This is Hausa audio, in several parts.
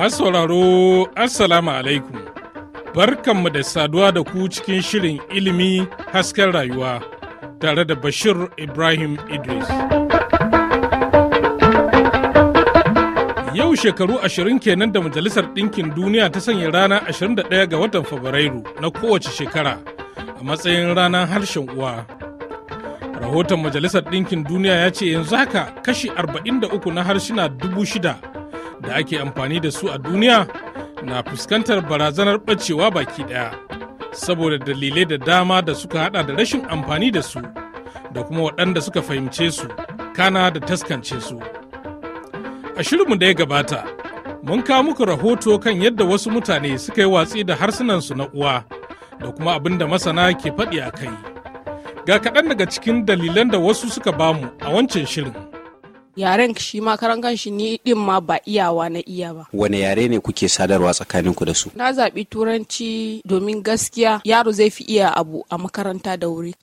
Masu sauraro Assalamu alaikum. Barkanmu da saduwa da ku cikin shirin ilimi hasken rayuwa tare da Bashir Ibrahim Idris. Yau shekaru ashirin kenan da Majalisar Ɗinkin Duniya ta sanya rana 21 ga watan Fabrairu na kowace shekara a matsayin ranar harshen uwa. Rahoton Majalisar Ɗinkin Duniya ya ce yanzu haka kashi 43 na harshina dubu shida da ake amfani da su a duniya na fuskantar barazanar ɓacewa baki ɗaya saboda dalilai da dama da suka hada da rashin amfani da su da kuma waɗanda suka fahimce su kana da taskance su a shirinmu da ya gabata mun kawo muku rahoto kan yadda wasu mutane suka yi watsi da harsunansu na uwa da kuma abin da masana ke faɗi a kai ga kaɗan daga cikin dalilan da wasu suka bamu a wancan shirin yaren shi ma karan kanshi ni din ma ba iyawa na iya ba wane yare ne kuke sadarwa tsakanin ku da su na zaɓi turanci domin gaskiya yaro zai fi iya abu a makaranta da wuri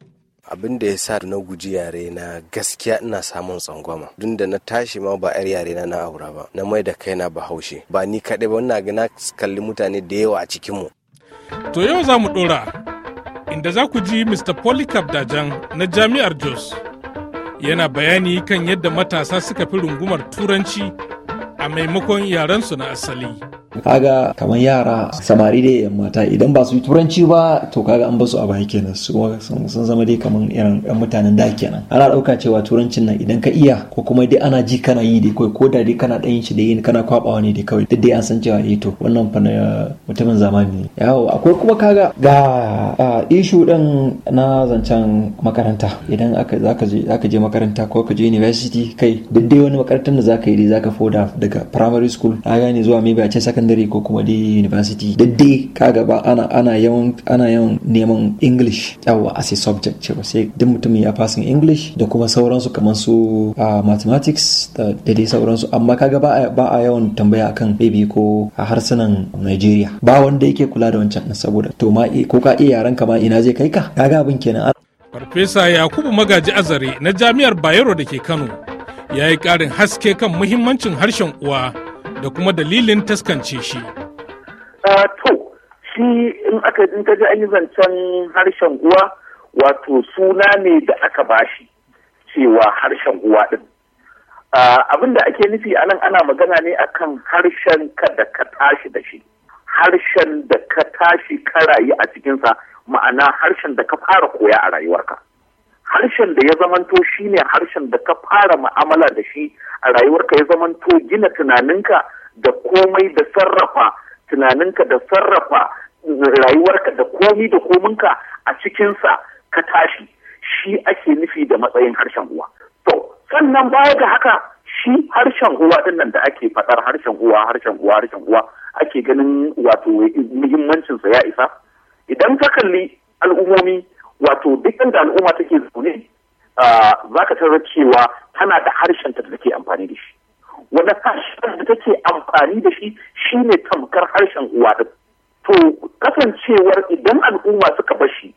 abin da ya sa na guji yare na gaskiya ina samun tsangwama dun da na tashi ma ba yar yare na na aura ba na mai da kaina bahaushe ba ni kaɗai ba na ga na kalli mutane da yawa a cikinmu to yau za mu ɗora inda za ku ji mr polycarp dajan na jami'ar jos yana bayani kan yadda matasa suka fi rungumar turanci a maimakon yarensu na asali. kaga kamar yara samari da yan mata idan ba su yi turanci ba to kaga an basu a kenan su sun zama dai kamar irin yan mutanen da kenan ana dauka cewa turancin nan idan ka iya ko kuma dai ana ji kana yi dai kai ko da dai kana dan shi da yin kana kwabawa ne dai kawai duk dai an san cewa eh to wannan fa mutumin zamani ne yawo akwai kuma kaga ga ishu din na zancen makaranta idan aka zaka je zaka je makaranta ko ka je university kai duk dai wani makarantar da zaka yi dai zaka foda daga primary school ka gane zuwa maybe a ce sakan. secondary ko kuma dai university da dai kaga ba ana ana yawan ana yawan neman english yawa as a subject cewa sai duk mutumin ya fasin english da kuma sauransu kamar su mathematics da dai sauransu amma kaga ba ba a yawan tambaya akan baby ko a harsunan Nigeria ba wanda yake kula da wancan saboda to ma eh, ko ka iya yaran ka ma ina zai kai ka kaga abin kenan Farfesa Yakubu Magaji Azare na Jami'ar Bayero da ke Kano ya yi ƙarin haske kan muhimmancin harshen uwa da kuma dalilin taskance shi. Ah, to, shi in aka in ka ji an zancen harshen uwa wato suna ne da aka ba shi cewa harshen uwa ɗin. Ah, abin da ake nufi a nan ana magana ne akan harshen ka da ka tashi da shi. Harshen da ka tashi ka rayu a cikinsa ma'ana harshen da ka fara koya a rayuwarka. harshen da ya zamanto shine harshen da ka fara mu'amala da shi a rayuwarka ya zamanto gina tunaninka da komai da sarrafa tunaninka da sarrafa rayuwarka da komi da kominka a cikinsa ka tashi shi ake nufi da matsayin harshen uwa to sannan baya ga haka shi harshen uwa din nan da ake faɗar harshen uwa harshen uwa harshen uwa ake ganin wato muhimmancinsa ya isa idan ka kalli al'ummomi wato duk inda al'umma take zaune za ka tarar cewa tana da harshen ta da take amfani da shi wanda harshen da take amfani da shi shine tamkar harshen uwa to kasancewar idan al'umma suka bar shi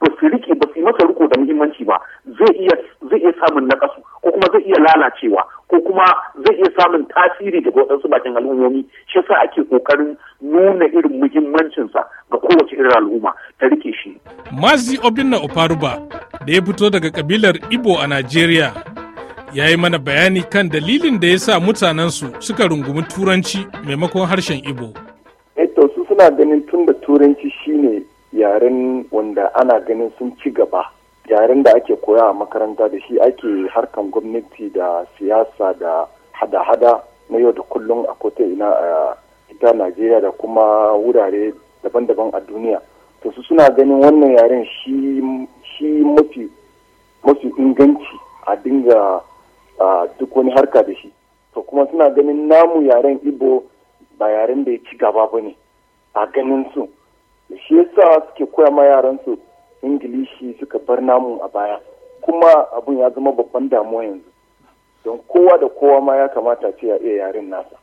ba su rike ba su masa riko da muhimmanci ba zai iya samun nakasu ko kuma zai iya lalacewa ko kuma zai iya samun tasiri daga waɗansu bakin al'ummomi shi yasa ake kokarin nuna irin muhimmancinsa ga kowace irin al'umma ta rike shi. Mazi Obinna Oparuba da ya fito daga kabilar Ibo a Najeriya ya yi mana bayani kan dalilin da ya sa mutanensu suka rungumi turanci maimakon harshen Ibo. Eto eh su suna ganin tun da turanci shine yaren wanda ana ganin sun ci gaba. yaren da ake koya a makaranta da shi ake harkan gwamnati da siyasa da hada-hada na yau da kullum a kota ina a ita najeriya da kuma wurare daban-daban a duniya to su suna ganin wannan yaren shi mafi mafi inganci a dinga duk wani harka da shi to kuma suna ganin namu yaren ibo ba yaren da ya ci gaba ba ne a ganin su shi yasa suke koya ma yaran su ingilishi suka bar namu a baya kuma abun ya zama babban damuwa yanzu don kowa da kowa ma ya kamata ce ya iya yaren nasa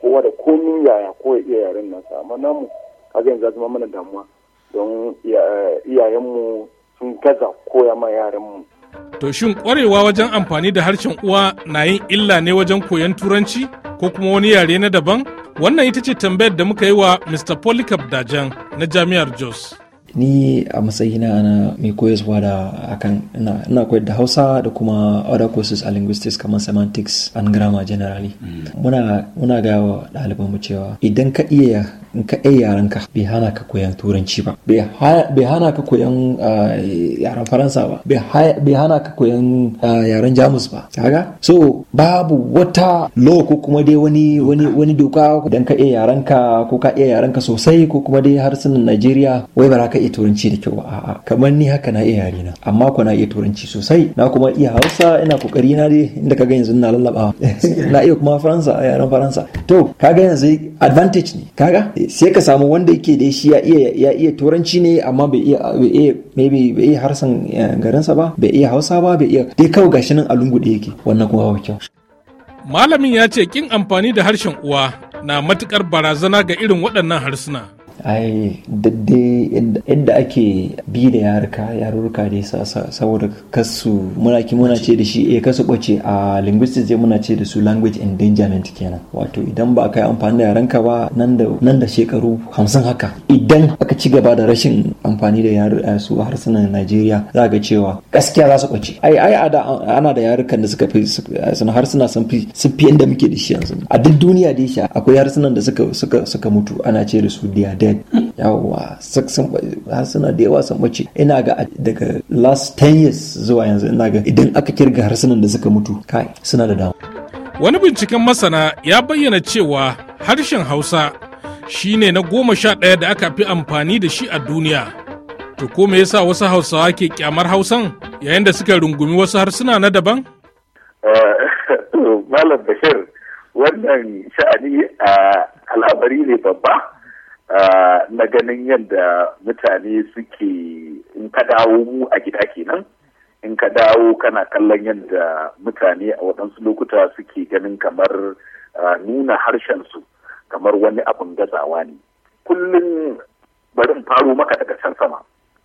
kowa da komin yaya ko iya yaren nasa amma namu kaga yanzu zama mana damuwa don iyayenmu sun gaza koya ma yaranmu To shin kwarewa wajen amfani da harshen uwa na yin illa ne wajen koyon turanci ko kuma wani yare na daban? Wannan ita ce tambayar da muka yi wa Mr. Polycarp Dajan na Jami'ar Jos. ni a matsayina na mai koyarwa da akan ina koyar da hausa da kuma other courses a linguistics kamar semantics and grammar generally mm. muna muna ga wa ɗalibanmu cewa idan ka iya in ka ɗaya yaran ka bai hana ka koyan turanci ba bai hana ka koyan ah, yaren faransa ba bai hana ka koyan ah, yaren jamus ba kaga so babu wata lo ko kuma dai wani wani wani doka dan ka iya yaran ka ko ka iya yaran ka sosai ko kuma dai harsunan Najeriya wai ba ka iya turanci da kyau ba a'a kamar ni haka na iya yare na amma ko na iya turanci sosai na kuma iya Hausa ina kokari na dai inda kaga yanzu na lallaba na iya kuma Faransa yaren Faransa to kaga yanzu advantage ne kaga sai ka samu wanda yake da shi ya iya ya iya turanci ne amma bai iya bai iya maybe bai iya harsan eh, garinsa ba bai iya hausa ba bai iya dai kawai gashi nan a lungude yake wannan kuma ba kyau malamin ya ce kin amfani da harshen uwa na matukar barazana ga irin waɗannan harsuna ai daddai inda ake bi da yaruka yarurruka dai saboda kasu muna ki muna ce da shi eh kasu bace a linguistics dai muna ce da su language endangerment kenan wato idan ba ka yi amfani da yarenka ba nan da shekaru hamsin haka idan aka ci gaba da rashin amfani da eh, su harsunan Najeriya za ga cewa gaskiya za su bace ai ai ana da yarukan da suka fi sun harsuna sun fi sun fi yanda muke da shi yanzu a duk duniya dai sha akwai harsunan da suka suka suka mutu ana ce da su diya yet yawa sun suna da yawa mace ina ga daga last 10 years zuwa yanzu ina ga idan aka kirga harsunan da suka mutu kai suna da damu wani binciken masana ya bayyana cewa harshen hausa shine na goma sha ɗaya da aka fi amfani da shi a duniya to ko me yasa wasu hausawa ke kyamar hausan yayin da suka rungumi wasu harsuna na daban malam bashir wannan sha'ani a ah, al'amari ne babba Ah, na ganin yadda mutane suke in ka dawo mu a gida kenan in ka dawo kana kallon yadda mutane a waɗansu lokuta suke ganin kamar ah, nuna harshensu kamar wani abin gazawa ne kullum bari in faro maka daga can sama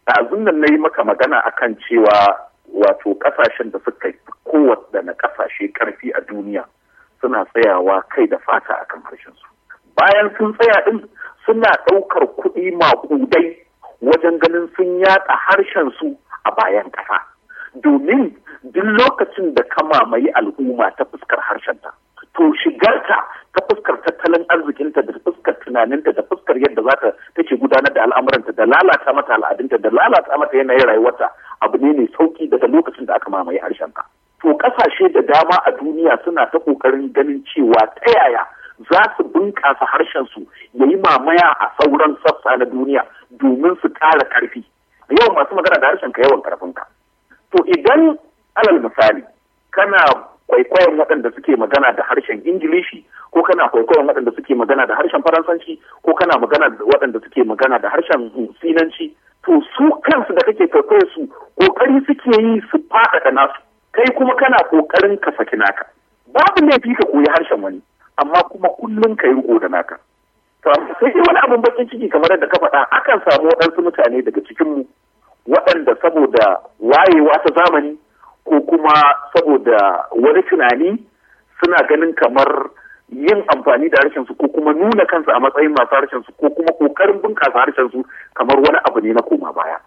ɗazun nan na yi maka magana akan cewa wato ƙasashen da suka da kowaɗanne ƙasashe ƙarfi a duniya suna tsayawa kai da fata akan harshensu bayan sun tsaya ɗin suna ɗaukar kuɗi maƙudai wajen ganin sun yaɗa harshen su a bayan ƙasa domin duk lokacin da ka mamaye al'umma ta fuskar harshenta to shigarta ta fuskar tattalin arzikinta da fuskar tunaninta da fuskar yadda za ta take gudanar da al'amuranta da lalata mata al'adunta da lalata mata yanayin rayuwarta abu ne mai sauki daga lokacin da aka mamaye harshenta to ƙasashe da dama a duniya suna ta kokarin ganin cewa ta yaya za su bunƙasa harshensu ya yi mamaya a sauran sassa na duniya domin su ƙara ƙarfi yawan masu magana da harshen ka yawan ƙarfinka to idan alal misali kana kwaikwayon waɗanda suke magana da harshen ingilishi ko kana kwaikwayon waɗanda suke magana da harshen faransanci ko kana magana da waɗanda suke magana da harshen sinanci to su kansu da kake kwaikwayo su ƙoƙari suke yi su faɗaɗa nasu kai kuma kana ƙoƙarin ka saki naka babu laifi ka koyi harshen wani amma kuma kullum ka yi riko da naka sai dai wani abin bakin ciki kamar yadda ka faɗa akan samu waɗansu mutane daga cikinmu waɗanda saboda wayewa ta zamani ko kuma saboda wani tunani suna ganin kamar yin amfani da harshensu su ko kuma nuna kansu a matsayin masu harshen su ko kuma kokarin bunƙasa harshen su kamar wani abu ne na koma baya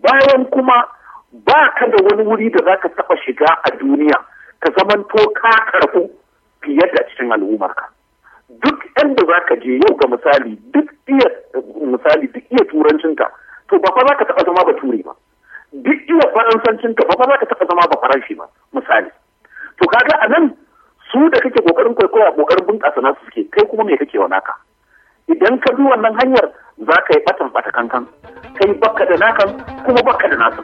bayan kuma ba ka da wani wuri da za ka taɓa shiga a duniya ka zamanto ka karfu fiye da cikin al'ummarka duk inda za ka je yau ga misali duk iya misali duk iya ka to ba fa za ka taɓa zama ba ture ba duk iya ka ba fa za ka taɓa zama ba faranshi ba misali to kaga a nan su da kake kokarin kwaikwaya kokarin bunƙasa nasu suke kai kuma me kake wa naka idan ka bi wannan hanyar za ka yi batan bata kankan kai bakka da nakan kuma bakka da nasu.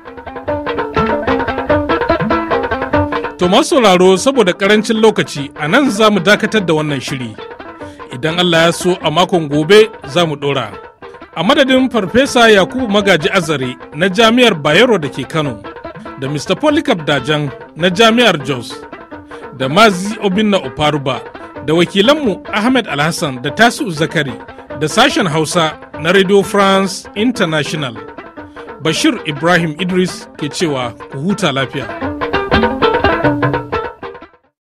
To masu sauraro saboda karancin lokaci a nan za mu dakatar da wannan shiri. Idan Allah ya so a makon gobe za mu ɗora. A madadin Farfesa Yakubu Magaji Azare na Jami'ar Bayero da ke Kano, da Mr. Polycarp Dajan na Jami'ar Jos, da Mazi Obinna Oparuba, da wakilanmu Ahmed Alhassan da Tasi'u Zakari, da sashen Hausa na Radio France International. Bashir Ibrahim Idris ke cewa ku huta lafiya.